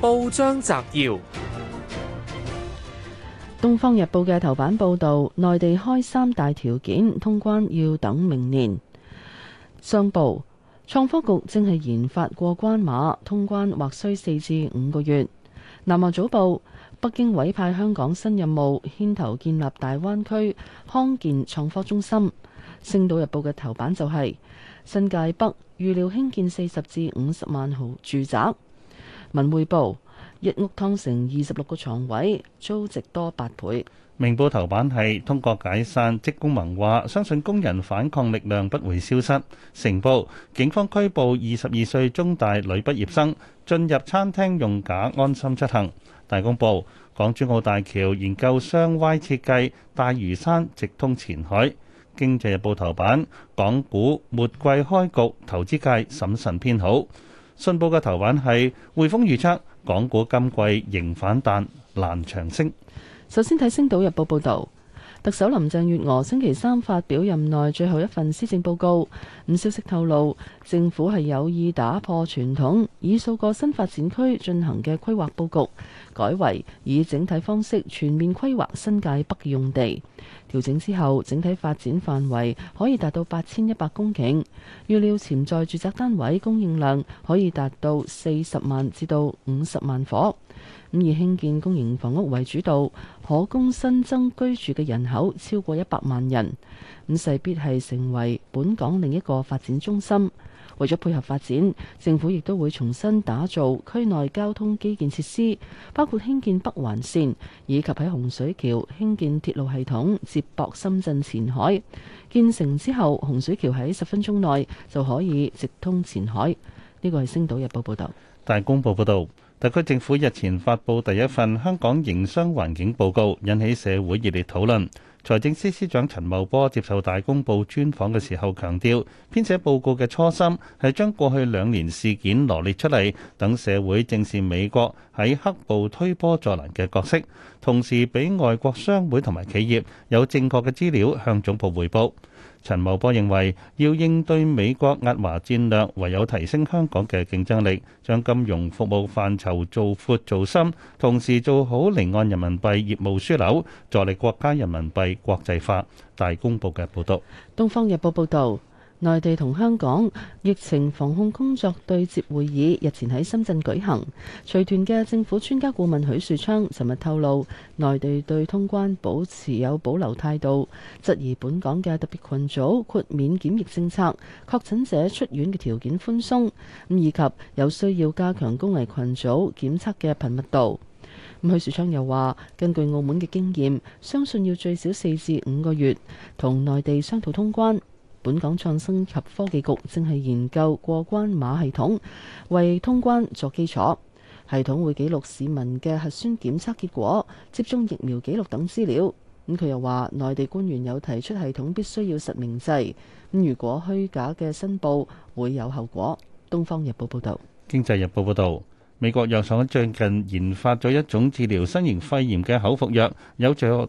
報章摘要：《東方日報》嘅頭版報道，內地開三大條件通關要等明年。商報：創科局正係研發過關碼，通關或需四至五個月。南華早報：北京委派香港新任務，牽頭建立大灣區康健創科中心。《星島日報》嘅頭版就係、是、新界北預料興建四十至五十萬戶住宅。文匯報：一屋劏成二十六個床位，租值多八倍。明報頭版係通過解散職工盟話，話相信工人反抗力量不會消失。成報：警方拘捕二十二歲中大女畢業生，進入餐廳用假安心出行。大公報：港珠澳大橋研究雙 Y 設計，大嶼山直通前海。經濟日報頭版：港股末季開局，投資界審慎偏好。信報嘅頭版係匯豐預測，港股今季仍反彈難長升。首先睇《星島日報》報導。特首林鄭月娥星期三發表任內最後一份施政報告，咁消息透露政府係有意打破傳統，以數個新發展區進行嘅規劃佈局，改為以整體方式全面規劃新界北用地，調整之後，整體發展範圍可以達到八千一百公頃，預料潛在住宅單位供應量可以達到四十萬至到五十萬伙。以興建公營房屋為主導，可供新增居住嘅人口超過一百萬人。咁勢必係成為本港另一個發展中心。為咗配合發展，政府亦都會重新打造區內交通基建設施，包括興建北環線以及喺洪水橋興建鐵路系統，接駁深圳前海。建成之後，洪水橋喺十分鐘內就可以直通前海。呢個係《星島日報》報道，大公報報道。特區政府日前發布第一份香港營商環境報告，引起社會熱烈討論。財政司司長陳茂波接受《大公報》專訪嘅時候強調，編寫報告嘅初心係將過去兩年事件羅列出嚟，等社會正視美國喺黑暴推波助瀾嘅角色，同時俾外國商會同埋企業有正確嘅資料向總部彙報。陳茂波認為，要應對美國壓華戰略，唯有提升香港嘅競爭力，將金融服務範疇做闊做深，同時做好離岸人民幣業務樞紐，助力國家人民幣國際化，大公報嘅報道。東方日報報道。內地同香港疫情防控工作對接會議日前喺深圳舉行，隨團嘅政府專家顧問許樹昌尋日透露，內地對通關保持有保留態度，質疑本港嘅特別群組豁免檢疫政策，確診者出院嘅條件寬鬆，咁以及有需要加強高危群組檢測嘅頻密度。咁許樹昌又話：根據澳門嘅經驗，相信要最少四至五個月同內地商討通關。本港創新及科技局正係研究過關碼系統，為通關作基礎。系統會記錄市民嘅核酸檢測結果、接種疫苗記錄等資料。咁佢又話，內地官員有提出系統必須要實名制。咁如果虛假嘅申報會有後果。《東方日報》報導，《經濟日報》報導，美國藥廠最近研發咗一種治療新型肺炎嘅口服藥，有着。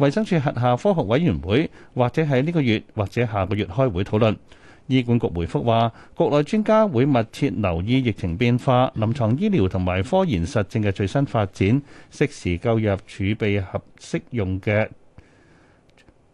衛生署轄下科學委員會或者喺呢個月或者下個月開會討論。醫管局回覆話，國內專家會密切留意疫情變化、臨床醫療同埋科研實證嘅最新發展，適時購入儲備合適用嘅，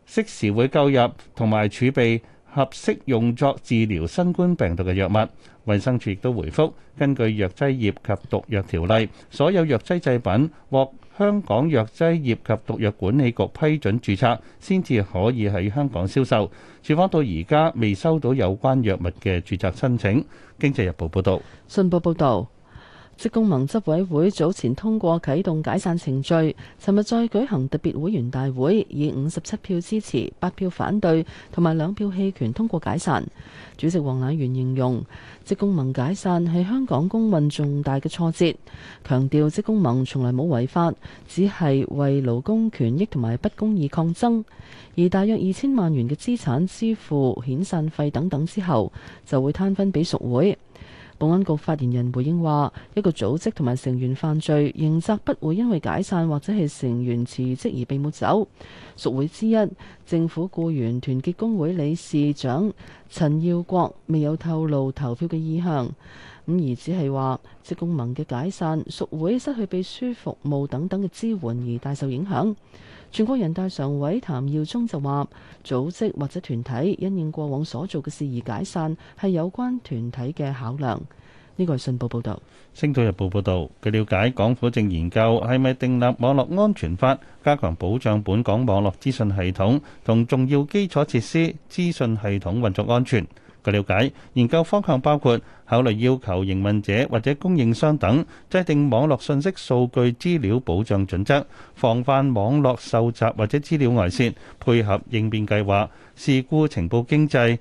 適時會購入同埋儲備合適用作治療新冠病毒嘅藥物。衛生署亦都回覆，根據藥劑業及毒藥條例，所有藥劑製品獲香港藥劑業及毒藥管理局批准註冊，先至可以喺香港銷售。處方到而家未收到有關藥物嘅註冊申請。經濟日報報道。信報報道。職工盟執委會早前通過啟動解散程序，尋日再舉行特別會員大會，以五十七票支持、八票反對同埋兩票棄權通過解散。主席黃迺元形容，職工盟解散係香港工運重大嘅挫折，強調職工盟從來冇違法，只係為勞工權益同埋不公義抗爭。而大約二千萬元嘅資產支付遣散費等等之後，就會攤分俾屬會。保安局發言人回應話：一個組織同埋成員犯罪，刑責不會因為解散或者係成員辭職而被抹走。屬會之一，政府僱員團結工會理事長陳耀國未有透露投票嘅意向，咁而只係話職工盟嘅解散，屬會失去秘書服務等等嘅支援而大受影響。全國人大常委譚耀宗就話：組織或者團體因應過往所做嘅事而解散，係有關團體嘅考量。呢個係信報報導。星島日報報導，據了解，港府正研究係咪訂立網絡安全法，加強保障本港網絡資訊系統同重要基礎設施資訊系統運作安全。據瞭解，研究方向包括考慮要求營運者或者供應商等制定網絡信息數據資料保障準則，防範網絡受襲或者資料外泄，配合應變計劃、事故情報經濟、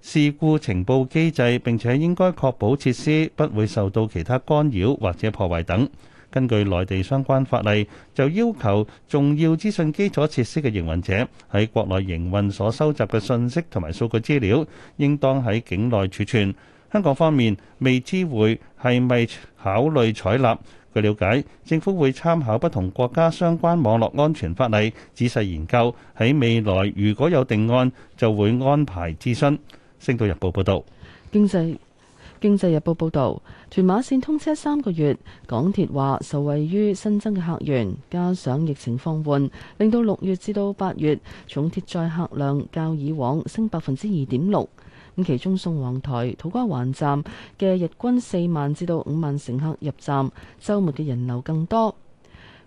事故情報機制，並且應該確保設施不會受到其他干擾或者破壞等。根據內地相關法例，就要求重要資訊基礎設施嘅營運者喺國內營運所收集嘅信息同埋數據資料，應當喺境內儲存。香港方面未知會係咪考慮採納？據了解，政府會參考不同國家相關網絡安全法例，仔細研究喺未來如果有定案，就會安排諮詢。星島日報報道經濟。經濟日報報導，屯馬線通車三個月，港鐵話受惠於新增嘅客源，加上疫情放緩，令到六月至到八月重鐵載客量較以往升百分之二點六。咁其中宋皇臺、土瓜灣站嘅日均四萬至到五萬乘客入站，週末嘅人流更多。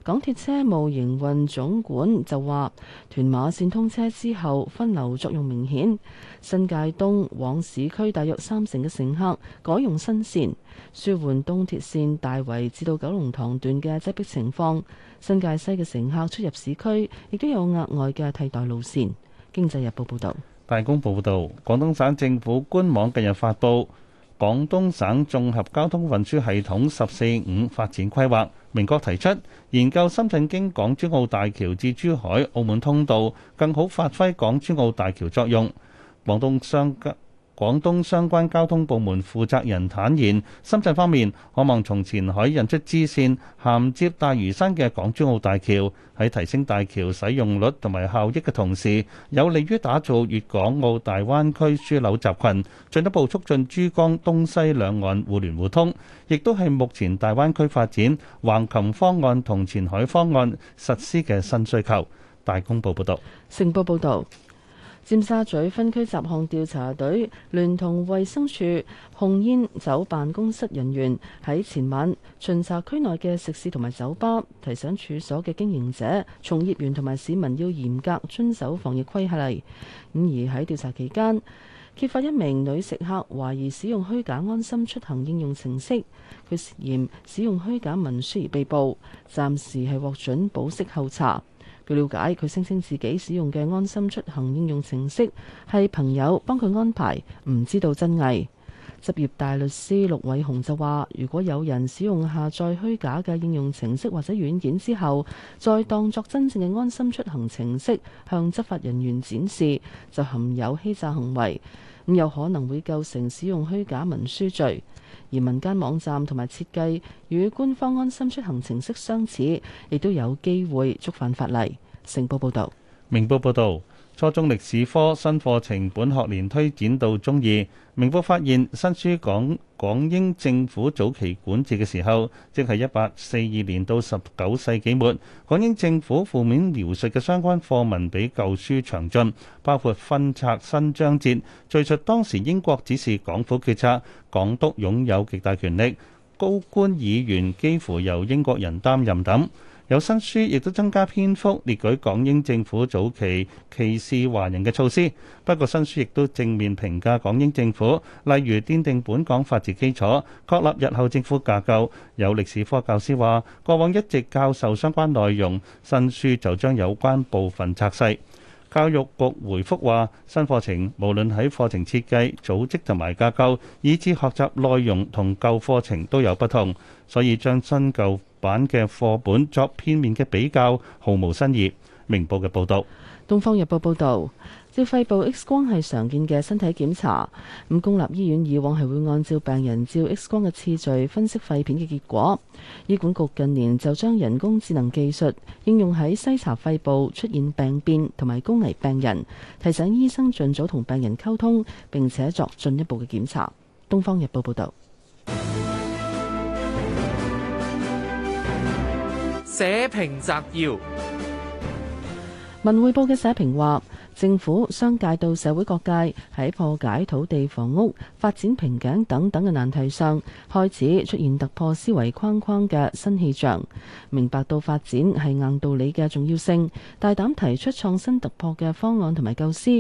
港鐵車務營運總管就話：屯馬線通車之後，分流作用明顯。新界東往市區大約三成嘅乘客改用新線，舒緩東鐵線大圍至到九龍塘段嘅擠迫情況。新界西嘅乘客出入市區亦都有額外嘅替代路線。經濟日報報道。大公報報道，廣東省政府官網近日發布《廣東省綜合交通運輸系統“十四五”發展規劃》。明確提出研究深圳經港珠澳大橋至珠海、澳門通道，更好發揮港珠澳大橋作用。廣東商。廣東相關交通部門負責人坦言，深圳方面渴望從前海引出支線，銜接大嶼山嘅港珠澳大橋，喺提升大橋使用率同埋效益嘅同時，有利於打造粵港澳大灣區樞紐集群，進一步促進珠江東西兩岸互聯互通，亦都係目前大灣區發展橫琴方案同前海方案實施嘅新需求。大公報報道。成報報導。尖沙咀分區集控調查隊聯同衛生署控煙酒辦公室人員喺前晚巡查區內嘅食肆同埋酒吧，提醒處所嘅經營者、從業員同埋市民要嚴格遵守防疫規例。咁而喺調查期間，揭發一名女食客懷疑使用虛假安心出行應用程式，佢涉嫌使用虛假文書而被捕，暫時係獲准保釋候查。據了解，佢聲稱自己使用嘅安心出行應用程式，係朋友幫佢安排，唔知道真偽。執業大律師陸偉雄就話，如果有人使用下載虛假嘅應用程式或者軟件之後，再當作真正嘅安心出行程式，向執法人員展示，就含有欺詐行為。咁有可能會構成使用虛假文書罪，而民間網站同埋設計與官方安心出行程式相似，亦都有機會觸犯法例。成報報導。明報報道，初中歷史科新課程本學年推展到中二，明報發現新書講港，港英政府早期管治嘅時候，即係一八四二年到十九世紀末，港英政府負面描述嘅相關課文比舊書詳盡，包括分拆新章節，敘述當時英國指示港府決策，港督擁有極大權力，高官議員幾乎由英國人擔任等。有新書亦都增加篇幅，列舉港英政府早期歧視華人嘅措施。不過新書亦都正面評價港英政府，例如奠定本港法治基礎、確立日後政府架構。有歷史科教師話，過往一直教授相關內容，新書就將有關部分拆細。教育局回覆話，新課程無論喺課程設計、組織同埋架構，以至學習內容同舊課程都有不同，所以將新舊玩嘅課本作片面嘅比較，毫無新意。明報嘅報導。《東方日報》報導，照肺部 X 光係常見嘅身體檢查。咁公立醫院以往係會按照病人照 X 光嘅次序分析肺片嘅結果。醫管局近年就將人工智能技術應用喺篩查肺部出現病變同埋高危病人，提醒醫生盡早同病人溝通，並且作進一步嘅檢查。《東方日報》報導。社評摘要：文匯報嘅社評話，政府、商界到社會各界喺破解土地、房屋發展瓶頸等等嘅難題上，開始出現突破思維框框嘅新氣象，明白到發展係硬道理嘅重要性，大膽提出創新突破嘅方案同埋構思。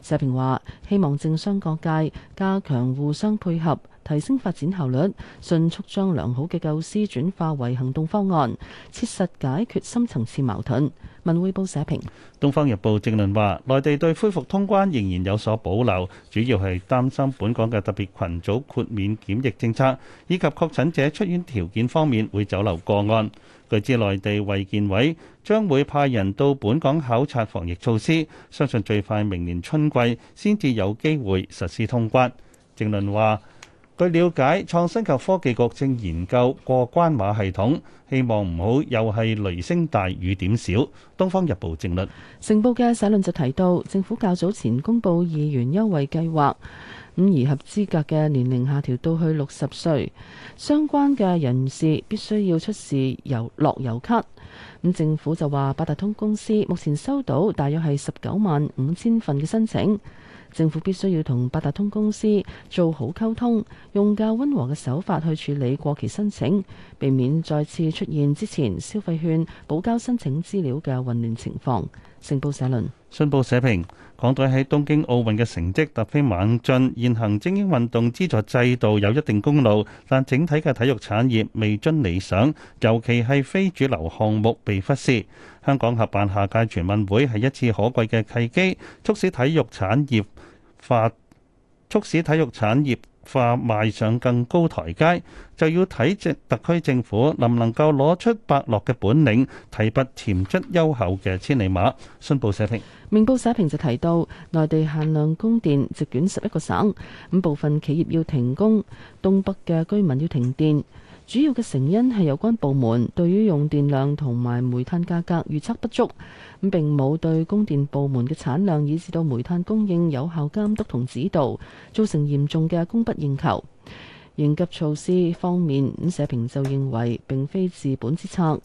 社評話，希望政商各界加強互相配合。提升發展效率，迅速將良好嘅構思轉化為行動方案，切實解決深層次矛盾。文匯報社評。《東方日報》正論話：內地對恢復通關仍然有所保留，主要係擔心本港嘅特別群組豁免檢疫政策以及確診者出院條件方面會走漏個案。據知內地衞健委將會派人到本港考察防疫措施，相信最快明年春季先至有機會實施通關。正論話。據了解，創新及科技局正研究過關碼系統，希望唔好又係雷聲大雨點小。《東方日報》正論。成報嘅社論就提到，政府較早前公布議員優惠計劃，咁而合資格嘅年齡下調到去六十歲，相關嘅人士必須要出示樂悠卡。咁政府就話，八達通公司目前收到大約係十九萬五千份嘅申請。政府必須要同八達通公司做好溝通，用較溫和嘅手法去處理過期申請，避免再次出現之前消費券補交申請資料嘅混亂情況。成報社論。信報社評，港隊喺東京奧運嘅成績突飛猛進，現行精英運動資助制度有一定功勞，但整體嘅體育產業未臻理想，尤其係非主流項目被忽視。香港合辦下屆全運會係一次可貴嘅契機，促使體育產業發促使體育產業化邁上更高台階，就要睇政特區政府能唔能夠攞出伯樂嘅本領，提拔潛質優厚嘅千里馬。信報社評。明報社評就提到，內地限量供電席捲十一個省，咁部分企業要停工，東北嘅居民要停電。主要嘅成因係有關部門對於用電量同埋煤炭價格預測不足，咁並冇對供電部門嘅產量以至到煤炭供應有效監督同指導，造成嚴重嘅供不應求。應急措施方面，社評就認為並非治本之策，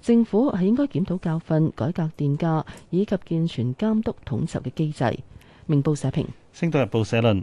政府係應該檢討教訓、改革電價以及健全監督統籌嘅機制。明報社評，《星島日報》社論。